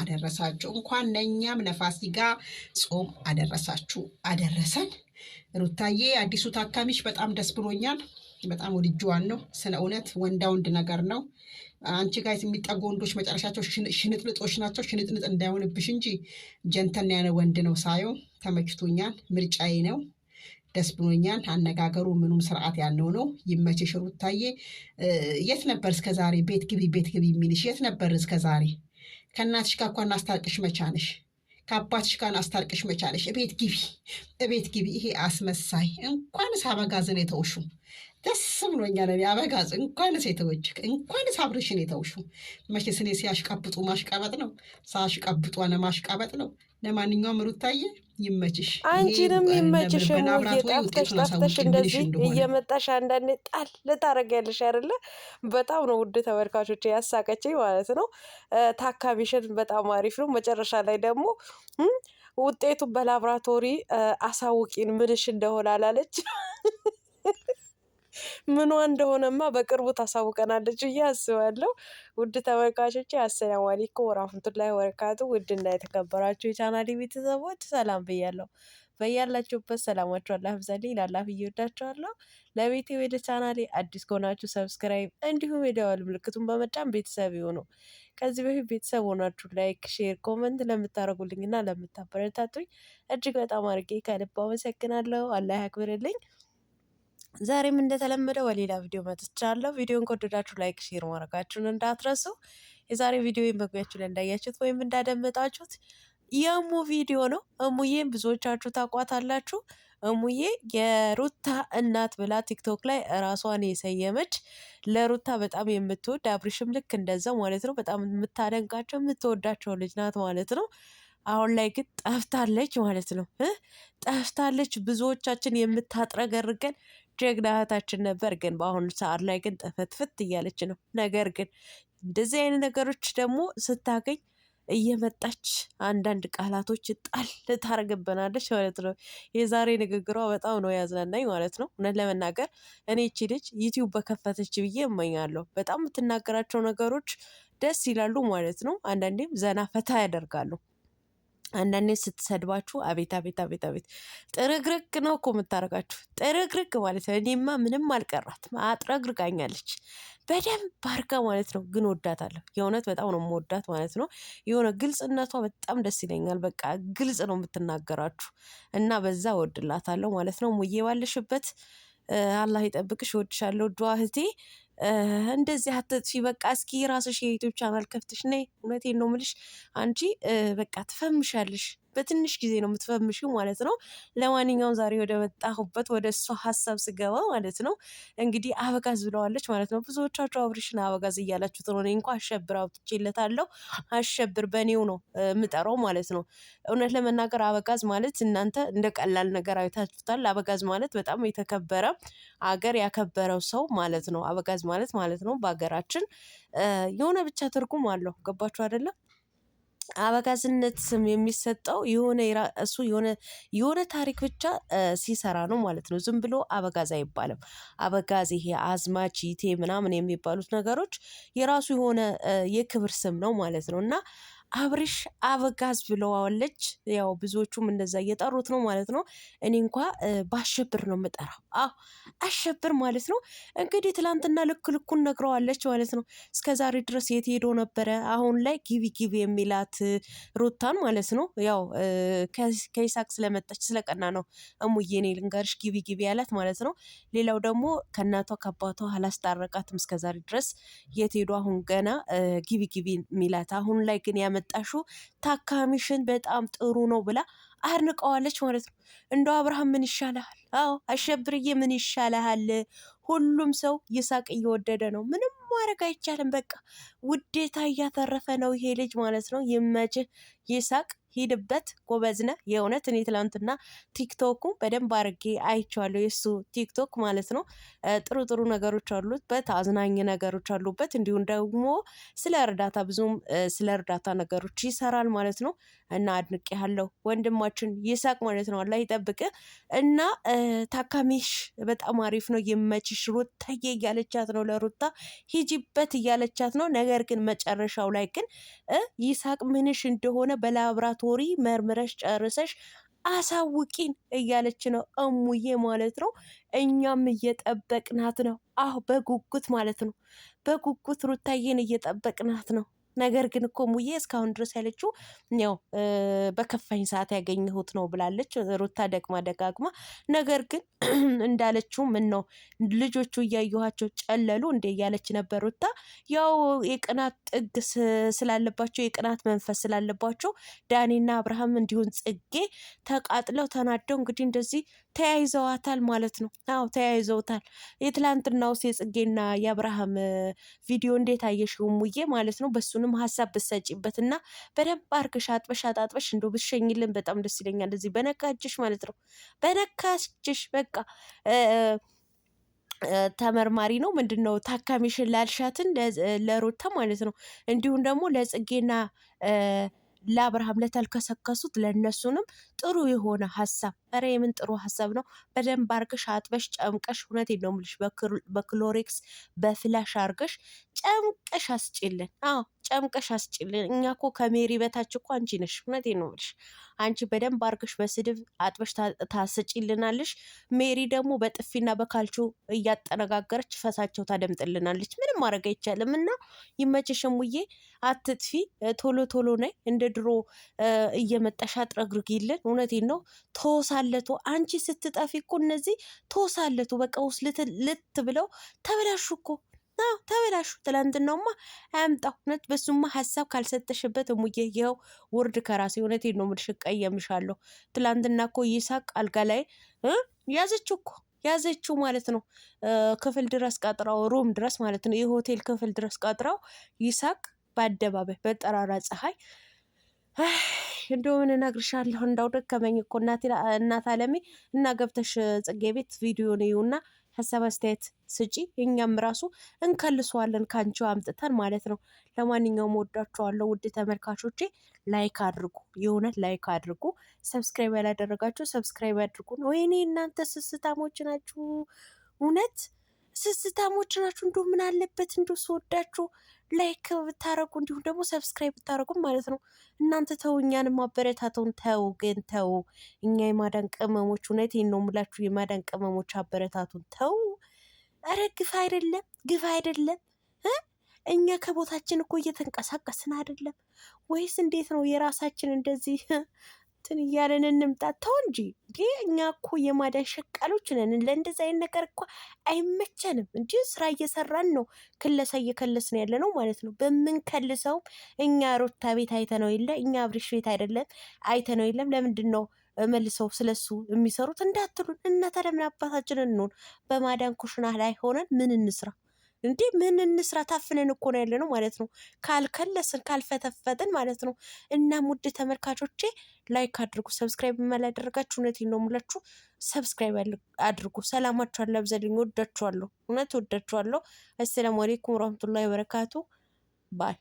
አደረሳችሁ። እንኳን ለእኛም ለፋሲካ ጾም አደረሳችሁ አደረሰን። ሩታዬ አዲሱ ታካሚሽ በጣም ደስ ብሎኛል። በጣም ወድጅዋን ነው። ስለ እውነት ወንዳ ወንድ ነገር ነው። አንቺ ጋ የሚጠጉ ወንዶች መጨረሻቸው ሽንጥልጦች ናቸው። ሽንጥልጥ እንዳይሆንብሽ እንጂ ጀንተን ያለ ወንድ ነው ሳየው። ተመችቶኛል። ምርጫዬ ነው። ደስ ብሎኛል። አነጋገሩ ምኑም ስርዓት ያለው ነው። ይመችሽ ሩታዬ። የት ነበር እስከዛሬ ቤት ግቢ ቤት ግቢ የሚልሽ? የት ነበር እስከዛሬ? ከእናትሽ ጋር እኳ እናስታርቅሽ መቻነሽ ከአባትሽ ጋር አስታርቅሽ መቻለሽ። እቤት ግቢ፣ እቤት ግቢ። ይሄ አስመሳይ እንኳን አበጋዝን የተውሹ ደስ ብሎኛል። እኔ አበጋዝ እንኳን የተወጅክ እንኳን ሳብርሽን የተውሹ መቼስ እኔ ሲያሽቃብጡ ማሽቃበጥ ነው፣ ሳያሽቃብጡ አለማሽቃበጥ ነው። ለማንኛውም ሩታዬ ይመችሽ፣ አንቺንም ይመችሽ። ጠፍተሽ ጠፍተሽ እንደዚህ እየመጣሽ አንዳንዴ ጣል ልታረጊያለሽ አይደለ? በጣም ነው ውድ ተመልካቾች ያሳቀችኝ ማለት ነው። ታካሚሽን በጣም አሪፍ ነው። መጨረሻ ላይ ደግሞ ውጤቱ በላብራቶሪ አሳውቂን ምንሽ እንደሆነ አላለች። ምኗ እንደሆነማ በቅርቡ ታሳውቀናለች ብዬ አስባለሁ። ውድ ተመልካቾች አሰላሙ አለይኩም ወራህመቱላሂ ወበረካቱ። ውድና የተከበራችሁ የቻናሌ ቤተሰቦች ሰላም ብያለሁ። በያላችሁበት ሰላማችሁ አላህ ብዛልኝ። ላላፍ እየወዳችኋለሁ። ለቤቴ ወደ ቻናሌ አዲስ ከሆናችሁ ሰብስክራይብ፣ እንዲሁም የደወል ምልክቱን በመጫን ቤተሰብ ይሁኑ። ከዚህ በፊት ቤተሰብ ሆናችሁ ላይክ፣ ሼር፣ ኮመንት እና ለምታበረታቱኝ እጅግ በጣም አድርጌ ከልብ አመሰግናለሁ። አላህ ያክብርልኝ። ዛሬም እንደተለመደው በሌላ ቪዲዮ መጥቻለሁ። ቪዲዮን ከወደዳችሁ ላይክ፣ ሼር ማድረጋችሁን እንዳትረሱ። የዛሬ ቪዲዮ መግቢያችሁ ላይ እንዳያችሁት ወይም እንዳደመጣችሁት የእሙ ቪዲዮ ነው። እሙዬም ብዙዎቻችሁ ታቋታላችሁ። እሙዬ የሩታ እናት ብላ ቲክቶክ ላይ ራሷን የሰየመች ለሩታ በጣም የምትወድ አብርሽም ልክ እንደዛው ማለት ነው። በጣም የምታደንቃቸው የምትወዳቸው ልጅ ናት ማለት ነው። አሁን ላይ ግን ጠፍታለች ማለት ነው። ጠፍታለች ብዙዎቻችን የምታጥረገርገን ጀግና እህታችን ነበር። ግን በአሁኑ ሰዓት ላይ ግን ጠፈትፍት እያለች ነው። ነገር ግን እንደዚህ አይነት ነገሮች ደግሞ ስታገኝ እየመጣች አንዳንድ ቃላቶች ጣል ታደርግብናለች ማለት ነው። የዛሬ ንግግሯ በጣም ነው ያዝናናኝ ማለት ነው። እውነት ለመናገር እኔ እቺ ልጅ ዩቲዩብ በከፈተች ብዬ እመኛለሁ። በጣም የምትናገራቸው ነገሮች ደስ ይላሉ ማለት ነው። አንዳንዴም ዘና ፈታ ያደርጋሉ። አንዳንዴ ስትሰድባችሁ አቤት አቤት አቤት አቤት ጥርግርግ ነው እኮ የምታደርጋችሁ ጥርግርግ ማለት ነው። እኔማ ምንም አልቀራት አጥረግርጋኛለች በደንብ ባርጋ ማለት ነው። ግን ወዳታለሁ። የእውነት በጣም ነው የምወዳት ማለት ነው። የሆነ ግልጽነቷ በጣም ደስ ይለኛል። በቃ ግልጽ ነው የምትናገራችሁ እና በዛ ወድላታለሁ ማለት ነው። ሙዬ ባለሽበት አላህ ይጠብቅሽ። ወድሻለሁ ዱአ እህቴ እንደዚህ አትጥፊ፣ በቃ እስኪ ራስሽ የዩቲዩብ ቻናል ከፍትሽ ነይ። እውነቴን ነው ምልሽ፣ አንቺ በቃ ትፈምሻለሽ። በትንሽ ጊዜ ነው የምትፈምሽው ማለት ነው። ለማንኛውም ዛሬ ወደ መጣሁበት ወደ እሷ ሀሳብ ስገባ ማለት ነው እንግዲህ አበጋዝ ብለዋለች ማለት ነው። ብዙዎቻችሁ አብርሽን አበጋዝ እያላችሁት ነው። እኔ እንኳ አሸብር አውጥቼለታለሁ። አሸብር በእኔው ነው የምጠራው ማለት ነው። እውነት ለመናገር አበጋዝ ማለት እናንተ እንደ ቀላል ነገር አይታችሁታል። አበጋዝ ማለት በጣም የተከበረ አገር ያከበረው ሰው ማለት ነው። አበጋዝ ማለት ማለት ነው በሀገራችን የሆነ ብቻ ትርጉም አለው። ገባችሁ አይደለም? አበጋዝነት ስም የሚሰጠው የሆነ እሱ የሆነ ታሪክ ብቻ ሲሰራ ነው ማለት ነው። ዝም ብሎ አበጋዝ አይባልም። አበጋዝ ይሄ አዝማች፣ ይቴ ምናምን የሚባሉት ነገሮች የራሱ የሆነ የክብር ስም ነው ማለት ነው እና አብርሽ አበጋዝ ብለዋለች። ያው ብዙዎቹም እንደዛ እየጠሩት ነው ማለት ነው። እኔ እንኳ በአሸብር ነው የምጠራው። አዎ አሸብር ማለት ነው እንግዲህ ትላንትና ልክ ልኩን ነግረዋለች ማለት ነው። እስከ ዛሬ ድረስ የት ሄዶ ነበረ? አሁን ላይ ጊቢ ጊቢ የሚላት ሩታን ማለት ነው። ያው ከይሳቅ ስለመጣች ስለቀና ነው እሙዬ፣ እኔ ልንገርሽ ጊቢ ጊቢ ያላት ማለት ነው። ሌላው ደግሞ ከእናቷ ከአባቷ አላስታረቃትም እስከዛሬ ድረስ የት ሄዶ አሁን ገና ጊቢ ጊቢ የሚላት አሁን ላይ ግን ያመ ያመጣሽው ታካሚሽን በጣም ጥሩ ነው ብላ አድንቀዋለች ማለት ነው። እንደው አብርሃም ምን ይሻልሃል? አዎ አሸብርዬ ምን ይሻልሃል? ሁሉም ሰው ይሳቅ እየወደደ ነው። ምንም ማድረግ አይቻልም። በቃ ውዴታ እያተረፈ ነው ይሄ ልጅ ማለት ነው። ይመችህ ይሳቅ። ሂድበት፣ ጎበዝነ የእውነት እኔ ትላንትና ቲክቶኩ በደንብ አድርጌ አይቼዋለሁ። የእሱ ቲክቶክ ማለት ነው። ጥሩ ጥሩ ነገሮች አሉበት፣ አዝናኝ ነገሮች አሉበት። እንዲሁም ደግሞ ስለ እርዳታ ብዙም ስለ እርዳታ ነገሮች ይሰራል ማለት ነው እና አድንቄያለሁ ወንድማችን ይሳቅ ማለት ነው። አላህ ይጠብቅ እና ታካሚሽ በጣም አሪፍ ነው፣ ይመችሽ ሩታዬ እያለቻት ነው። ለሩታ ሂጂበት እያለቻት ነው። ነገር ግን መጨረሻው ላይ ግን ይሳቅ ምንሽ እንደሆነ በላብራቶ ስቶሪ መርምረሽ ጨርሰሽ አሳውቂን እያለች ነው እሙዬ ማለት ነው። እኛም እየጠበቅናት ነው። አሁ በጉጉት ማለት ነው። በጉጉት ሩታዬን እየጠበቅናት ነው። ነገር ግን እኮ ሙዬ እስካሁን ድረስ ያለችው ያው በከፋኝ ሰዓት ያገኘሁት ነው ብላለች። ሩታ ደግማ ደጋግማ ነገር ግን እንዳለችው ምን ነው ልጆቹ እያየኋቸው ጨለሉ እንደ እያለች ነበር። ሩታ ያው የቅናት ጥግ ስላለባቸው የቅናት መንፈስ ስላለባቸው ዳኒና አብርሃም እንዲሁን ጽጌ ተቃጥለው ተናደው እንግዲህ እንደዚህ ተያይዘዋታል ማለት ነው። አዎ ተያይዘውታል። የትላንትናውስ የጽጌና የአብርሃም ቪዲዮ እንዴት አየሽው ሙዬ ማለት ነው በሱ ማንኛውንም ሀሳብ ብትሰጪበት እና በደንብ አርገሽ አጥበሽ አጣጥበሽ እንደው ብትሸኝልን በጣም ደስ ይለኛል። እዚህ በነካችሽ ማለት ነው። በነካችሽ በቃ ተመርማሪ ነው ምንድን ነው ታካሚሽን ላልሻትን ለሮታ ማለት ነው። እንዲሁም ደግሞ ለጽጌና ለአብርሃም ለተልከሰከሱት ለእነሱንም ጥሩ የሆነ ሀሳብ ኧረ የምን ጥሩ ሀሳብ ነው። በደንብ አርገሽ አጥበሽ ጨምቀሽ፣ እውነቴን ነው የምልሽ፣ በክሎሬክስ በፍላሽ አርገሽ ጨምቀሽ አስጭልን። አዎ ጨምቀሽ አስጭልን። እኛ እኮ ከሜሪ በታች እኮ አንቺ ነሽ። እውነቴን ነው የምልሽ። አንቺ በደንብ አርገሽ በስድብ አጥበሽ ታስጭልናለሽ። ሜሪ ደግሞ በጥፊና በካልቾ እያጠነጋገረች ፈሳቸው ታደምጥልናለች። ምንም ማድረግ አይቻልም። እና ይመችሽ ውዬ፣ አትጥፊ። ቶሎ ቶሎ ነይ፣ እንደ ድሮ እየመጣሽ አጥረግርጊልን። እውነቴን ነው። ተወሳለቱ አንቺ ስትጠፊ እኮ እነዚህ ተወሳለቱ በቃ ውስጥ ልት ብለው ተበላሹ እኮ ተበላሹ። ትላንትናውማ አያምጣው እውነት። በሱማ ሀሳብ ካልሰጠሽበት እሙዬ ይኸው ውርድ ከራሴ እውነት ነው የምልሽ፣ እቀየምሻለሁ። ትላንትና እኮ ይሳቅ አልጋ ላይ ያዘችው እኮ ያዘችው ማለት ነው። ክፍል ድረስ ቀጥራው ሩም ድረስ ማለት ነው። የሆቴል ክፍል ድረስ ቀጥራው ይሳቅ በአደባባይ በጠራራ ፀሐይ እንደው እነግርሻለሁ፣ እንዳው ደከመኝ እኮ እናት አለሜ እና ገብተሽ ጽጌ ቤት ቪዲዮ ነው ይሁና ሀሳብ አስተያየት ስጪ፣ እኛም ራሱ እንከልሰዋለን ከአንቺው አምጥተን ማለት ነው። ለማንኛውም ወዳችኋለሁ ውድ ተመልካቾቼ፣ ላይክ አድርጉ፣ የእውነት ላይክ አድርጉ። ሰብስክራይብ ያላደረጋችሁ ሰብስክራይብ አድርጉ። ወይኔ እናንተ ስስታሞች ናችሁ እውነት ስስታሞች ናችሁ። እንዲሁ ምን አለበት እንዲሁ ስወዳችሁ ላይክ ብታረጉ እንዲሁም ደግሞ ሰብስክራይብ ብታረጉም ማለት ነው። እናንተ ተው፣ እኛንም አበረታተውን። ተው ግን ተው፣ እኛ የማዳን ቅመሞች እውነቴን ነው የምላችሁ፣ የማዳን ቅመሞች አበረታቱን። ተው፣ ረ ግፍ አይደለም፣ ግፍ አይደለም። እኛ ከቦታችን እኮ እየተንቀሳቀስን አይደለም ወይስ እንዴት ነው? የራሳችን እንደዚህ እንትን እያለን እንምጣ። ተው እንጂ እንዴ! እኛ እኮ የማዳን ሸቃሎች ነን። ለእንደዚ አይነት ነገር እኮ አይመቸንም። እንዲ ስራ እየሰራን ነው፣ ክለሳ እየከለስ ነው ያለ ነው ማለት ነው። በምንከልሰው እኛ ሮታ ቤት አይተ ነው የለ እኛ አብርሽ ቤት አይደለም ነው የለም። ለምንድን ነው መልሰው ስለሱ የሚሰሩት እንዳትሉን እና ታዲያ አባታችን እንሆን? በማዳን ኩሽና ላይ ሆነን ምን እንስራ? እንዴ ምን እንስራ? ታፍነን እኮ ነው ያለነው ማለት ነው። ካልከለስን ካልፈተፈጥን ማለት ነው። እናም ውድ ተመልካቾቼ ላይክ አድርጉ፣ ሰብስክራይብ የማላደረጋችሁ እውነቴን ነው የምላችሁ፣ ሰብስክራይብ አድርጉ። ሰላማችኋን ላብዛልኝ። ወዳችኋለሁ፣ እውነት ወዳችኋለሁ። አሰላሙ አሌይኩም ወረህመቱላሂ ወበረካቱ ባይ